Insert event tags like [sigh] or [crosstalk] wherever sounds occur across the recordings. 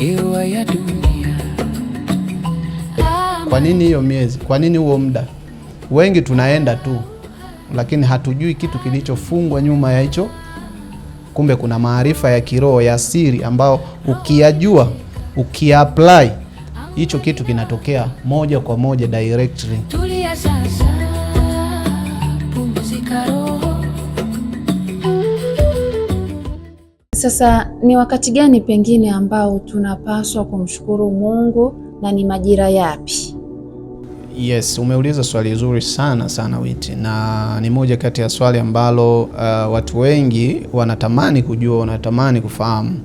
hewa ya dunia. Kwa nini hiyo miezi? Kwa nini huo muda? Wengi tunaenda tu, lakini hatujui kitu kilichofungwa nyuma ya hicho. Kumbe kuna maarifa ya kiroho ya siri ambao ukiyajua, ukiapply hicho kitu kinatokea moja kwa moja directly. Tulia sasa, pumzika. Sasa ni wakati gani pengine ambao tunapaswa kumshukuru Mungu na ni majira yapi? Yes, umeuliza swali zuri sana sana Witi, na ni moja kati ya swali ambalo uh, watu wengi wanatamani kujua, wanatamani kufahamu.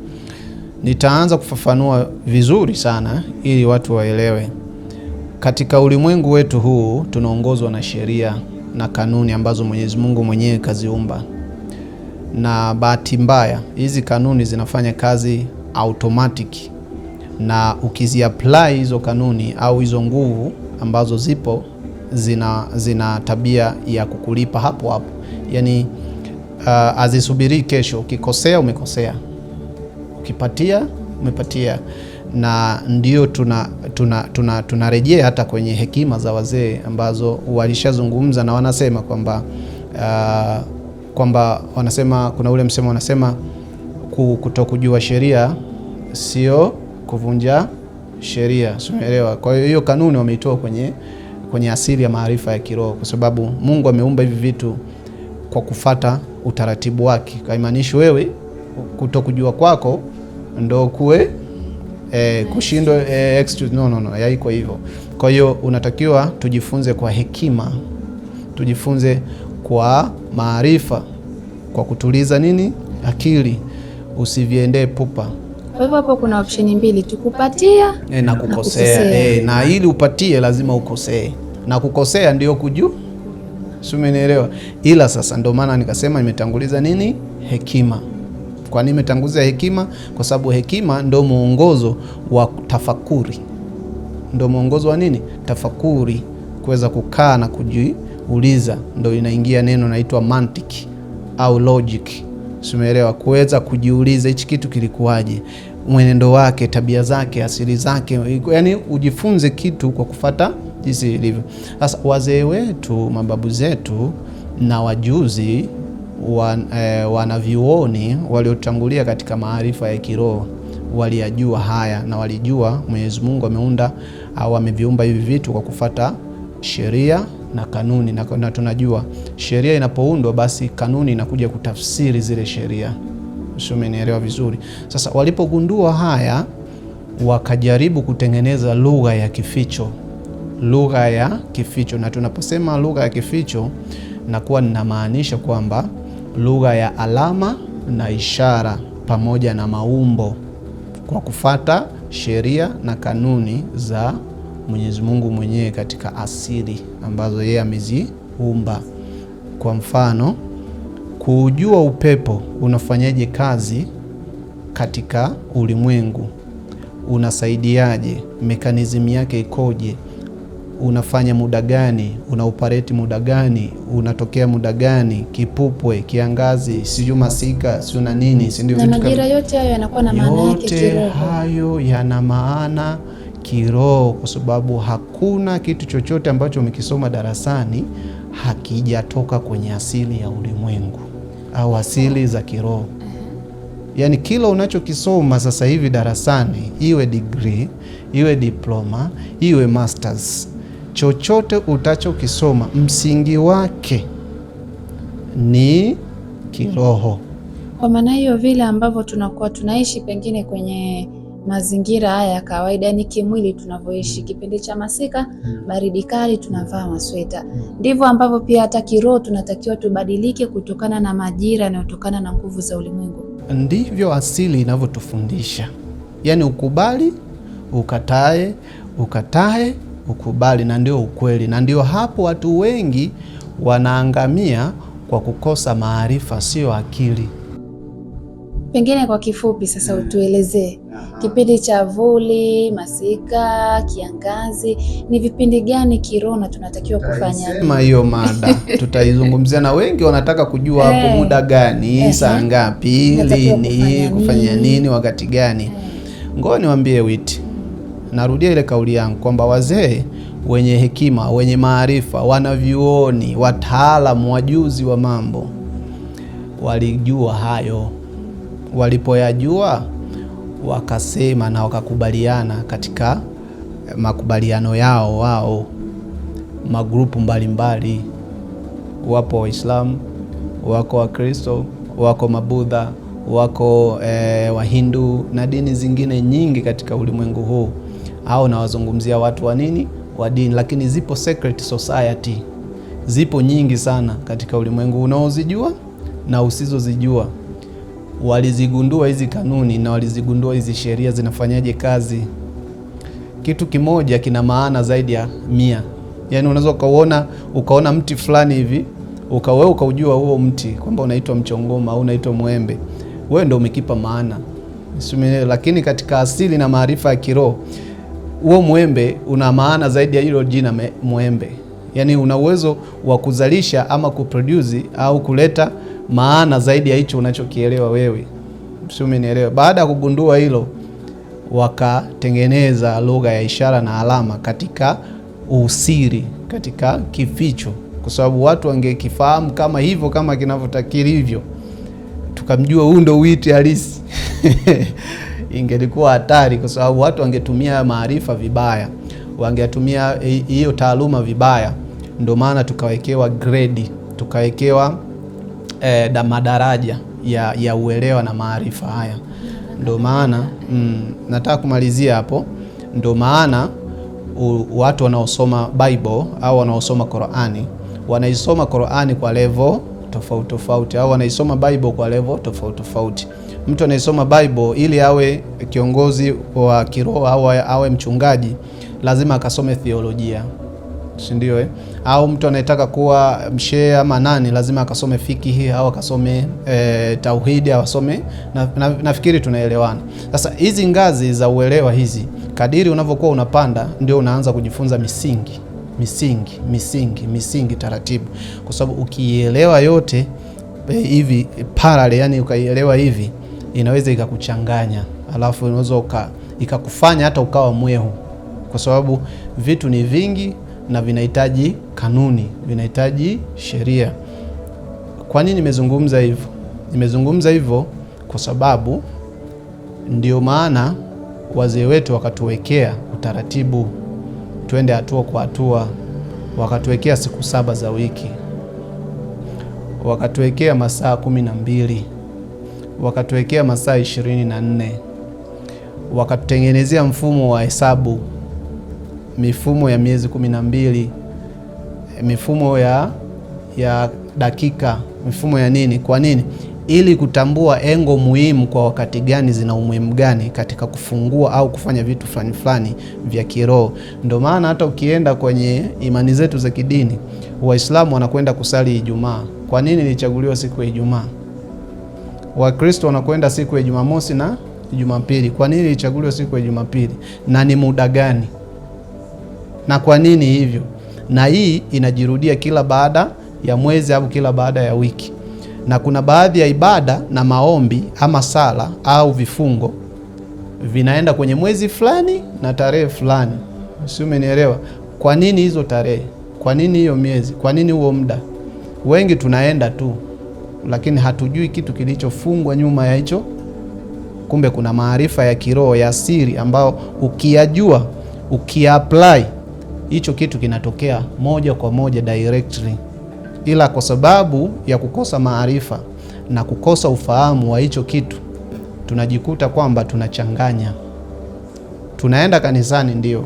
Nitaanza kufafanua vizuri sana ili watu waelewe. Katika ulimwengu wetu huu tunaongozwa na sheria na kanuni ambazo Mwenyezi Mungu mwenyewe kaziumba na bahati mbaya hizi kanuni zinafanya kazi automatic, na ukiziapply hizo kanuni au hizo nguvu ambazo zipo zina, zina tabia ya kukulipa hapo hapo, yaani uh, azisubiri kesho. Ukikosea umekosea, ukipatia umepatia, na ndio tunarejea tuna, tuna, tuna hata kwenye hekima za wazee ambazo walishazungumza na wanasema kwamba uh, kwamba wanasema kuna ule msemo wanasema kutokujua sheria sio kuvunja sheria, simeelewa. Kwa hiyo hiyo kanuni wameitoa kwenye, kwenye asili ya maarifa ya kiroho, kwa sababu Mungu ameumba hivi vitu kwa kufata utaratibu wake. Kaimaanishi wewe kutokujua kwako ndo kuwe eh, kushindwa eh, excuse no, no, no, haiko hivyo. Kwa hiyo unatakiwa tujifunze kwa hekima, tujifunze kwa maarifa kwa kutuliza nini akili, usiviendee pupa. Kwa hivyo hapo kuna option mbili tu, kupatia eh, e, na kukosea, na, e, eh, na ili upatie lazima ukosee na kukosea ndio kujua, si umenielewa? Ila sasa ndio maana nikasema nimetanguliza nini hekima. Kwa nini nimetanguliza hekima? Kwa sababu hekima ndio muongozo wa tafakuri, ndio mwongozo wa nini tafakuri, kuweza kukaa na kujui uliza, ndo inaingia neno naitwa mantiki au logic. Simeelewa kuweza kujiuliza hichi kitu kilikuwaje, mwenendo wake, tabia zake, asili zake, yani ujifunze kitu kwa kufata jinsi ilivyo. Sasa wazee wetu, mababu zetu na wajuzi wan, eh, wanavyuoni waliotangulia katika maarifa ya kiroho waliyajua haya na walijua Mwenyezi Mungu ameunda au ameviumba hivi vitu kwa kufata sheria na kanuni na, na tunajua sheria inapoundwa basi kanuni inakuja kutafsiri zile sheria. Sio, umenielewa vizuri? Sasa walipogundua haya, wakajaribu kutengeneza lugha ya kificho, lugha ya kificho. Na tunaposema lugha ya kificho, nakuwa ninamaanisha kwamba lugha ya alama na ishara pamoja na maumbo kwa kufata sheria na kanuni za Mwenyezi Mungu mwenyewe katika asili ambazo yeye ameziumba. Kwa mfano, kuujua upepo unafanyaje kazi katika ulimwengu, unasaidiaje, mekanizimu yake ikoje, unafanya muda gani, unaupareti muda gani, unatokea muda gani, kipupwe, kiangazi, sijui masika, sijui na nini, si ndio? Majira yote hayo yanakuwa na maana yake kiroho, yote hayo yana maana kiroho, kwa sababu hakuna kitu chochote ambacho umekisoma darasani hakijatoka kwenye asili ya ulimwengu au asili za kiroho. Uh-huh. Yaani kila unachokisoma sasa hivi darasani, iwe degree, iwe diploma, iwe masters, chochote utachokisoma msingi wake ni kiroho. Kwa maana hiyo, vile ambavyo tunakuwa tunaishi pengine kwenye mazingira haya ya kawaida, ni kimwili tunavyoishi. Mm. Kipindi cha masika, mm. baridi kali, tunavaa masweta. Mm. Ndivyo ambavyo pia hata kiroho tunatakiwa tubadilike kutokana na majira yanayotokana na nguvu za ulimwengu. Ndivyo asili inavyotufundisha, yani ukubali, ukatae, ukatae, ukubali, na ndio ukweli. Na ndio hapo watu wengi wanaangamia kwa kukosa maarifa, sio akili. Pengine kwa kifupi sasa utuelezee Kipindi cha vuli, masika, kiangazi, ni vipindi gani kirona tunatakiwa kufanya? hiyo [laughs] mada tutaizungumzia, na wengi wanataka kujua hapo eh. muda gani hey, eh. saa ngapi, lini, kufanya nini, wakati gani hey. Eh. Ngoja niwaambie witi, narudia ile kauli yangu kwamba wazee wenye hekima, wenye maarifa, wanavyuoni, wataalamu, wajuzi wa mambo walijua hayo, walipoyajua wakasema na wakakubaliana katika eh, makubaliano yao wao magrupu mbalimbali mbali. Wapo Waislamu, wako Wakristo, wako Mabudha, wako e, Wahindu na dini zingine nyingi katika ulimwengu huu. au nawazungumzia watu wa nini, wa dini, lakini zipo secret society, zipo nyingi sana katika ulimwengu unaozijua na usizozijua walizigundua hizi kanuni na walizigundua hizi sheria zinafanyaje kazi. Kitu kimoja kina maana zaidi ya mia. Yaani unaweza ukauona ukaona mti fulani hivi ukawe ukaujua huo mti kwamba unaitwa mchongoma au unaitwa mwembe, wewe ndio umekipa maana, lakini katika asili na maarifa ya kiroho huo mwembe una maana zaidi ya hilo jina mwembe. Yaani una uwezo wa kuzalisha ama kuproduce au kuleta maana zaidi ya hicho unachokielewa wewe, sio? Umenielewa? Baada ya kugundua hilo, wakatengeneza lugha ya ishara na alama katika usiri, katika kificho, kwa sababu watu wangekifahamu kama hivyo kama kinavyotakiri hivyo, tukamjua huu ndo witi halisi [laughs] ingelikuwa hatari, kwa sababu watu wangetumia maarifa vibaya, wangetumia hiyo taaluma vibaya. Ndio maana tukawekewa grade, tukawekewa eh, da madaraja ya, ya uelewa na maarifa haya. Ndio maana mm, nataka kumalizia hapo. Ndio maana watu wanaosoma Bible au wanaosoma Qur'ani wanaisoma Qur'ani kwa level tofauti tofauti, au wanaisoma Bible kwa level tofauti tofauti. Mtu anaisoma Bible ili awe kiongozi wa kiroho au awe mchungaji, lazima akasome theolojia, si ndio eh? au mtu anayetaka kuwa mshehe ama nani, lazima akasome fikihi au akasome e, tauhidi au asome na, na, nafikiri tunaelewana. Sasa hizi ngazi za uelewa hizi, kadiri unavyokuwa unapanda, ndio unaanza kujifunza misingi misingi misingi misingi taratibu, kwa sababu ukiielewa yote e, hivi parale, yani ukaielewa hivi inaweza ikakuchanganya, alafu inaweza ikakufanya hata ukawa mwehu, kwa sababu vitu ni vingi na vinahitaji kanuni, vinahitaji sheria. Kwa nini nimezungumza hivyo? Nimezungumza hivyo kwa sababu ndio maana wazee wetu wakatuwekea utaratibu, twende hatua kwa hatua. Wakatuwekea siku saba za wiki, wakatuwekea masaa kumi na mbili, wakatuwekea masaa ishirini na nne, wakatutengenezea mfumo wa hesabu mifumo ya miezi kumi na mbili, mifumo ya, ya dakika, mifumo ya nini. Kwa nini? Ili kutambua engo muhimu kwa wakati gani zina umuhimu gani katika kufungua au kufanya vitu fulani fulani vya kiroho. Ndio maana hata ukienda kwenye imani zetu za kidini, Waislamu wanakwenda kusali Ijumaa. Kwa nini ilichaguliwa siku ya Ijumaa? Wakristo wanakwenda siku ya Jumamosi na Jumapili. Kwa nini ilichaguliwa siku ya Jumapili na ni muda gani? na kwa nini hivyo, na hii inajirudia kila baada ya mwezi au kila baada ya wiki, na kuna baadhi ya ibada na maombi ama sala au vifungo vinaenda kwenye mwezi fulani na tarehe fulani, si umenielewa? Kwa nini hizo tarehe? Kwa nini hiyo miezi? Kwa nini huo muda? Wengi tunaenda tu, lakini hatujui kitu kilichofungwa nyuma ya hicho. Kumbe kuna maarifa ya kiroho ya siri ambayo ukiyajua, ukiapply hicho kitu kinatokea moja kwa moja directly, ila kwa sababu ya kukosa maarifa na kukosa ufahamu wa hicho kitu tunajikuta kwamba tunachanganya. Tunaenda kanisani ndio,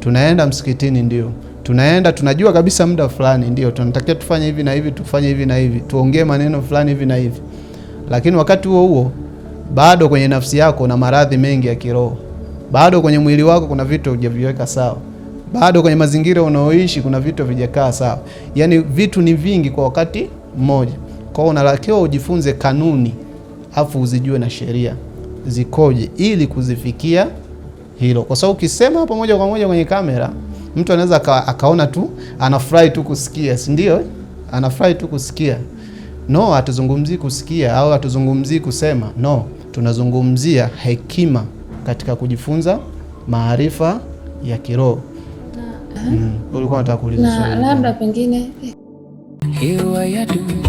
tunaenda msikitini ndio, tunaenda tunajua kabisa muda fulani ndio tunatakiwa tufanye hivi na hivi, tufanye hivi na hivi, tuongee maneno fulani hivi na hivi, lakini wakati huo huo bado kwenye nafsi yako na maradhi mengi ya kiroho, bado kwenye mwili wako kuna vitu hujaviweka sawa bado kwenye mazingira unaoishi kuna vitu vijakaa sawa, yaani vitu ni vingi kwa wakati mmoja. Kwa hiyo unatakiwa ujifunze kanuni, afu uzijue na sheria zikoje, ili kuzifikia hilo, kwa sababu ukisema hapo moja kwa moja kwenye kamera mtu anaweza akaona tu anafurahi tu kusikia, si ndio? Anafurahi tu kusikia. No, hatuzungumzii kusikia au hatuzungumzii kusema. No, tunazungumzia hekima katika kujifunza maarifa ya kiroho. Mm. Ulikuwa unataka kuuliza swali labda pengine hiyo ya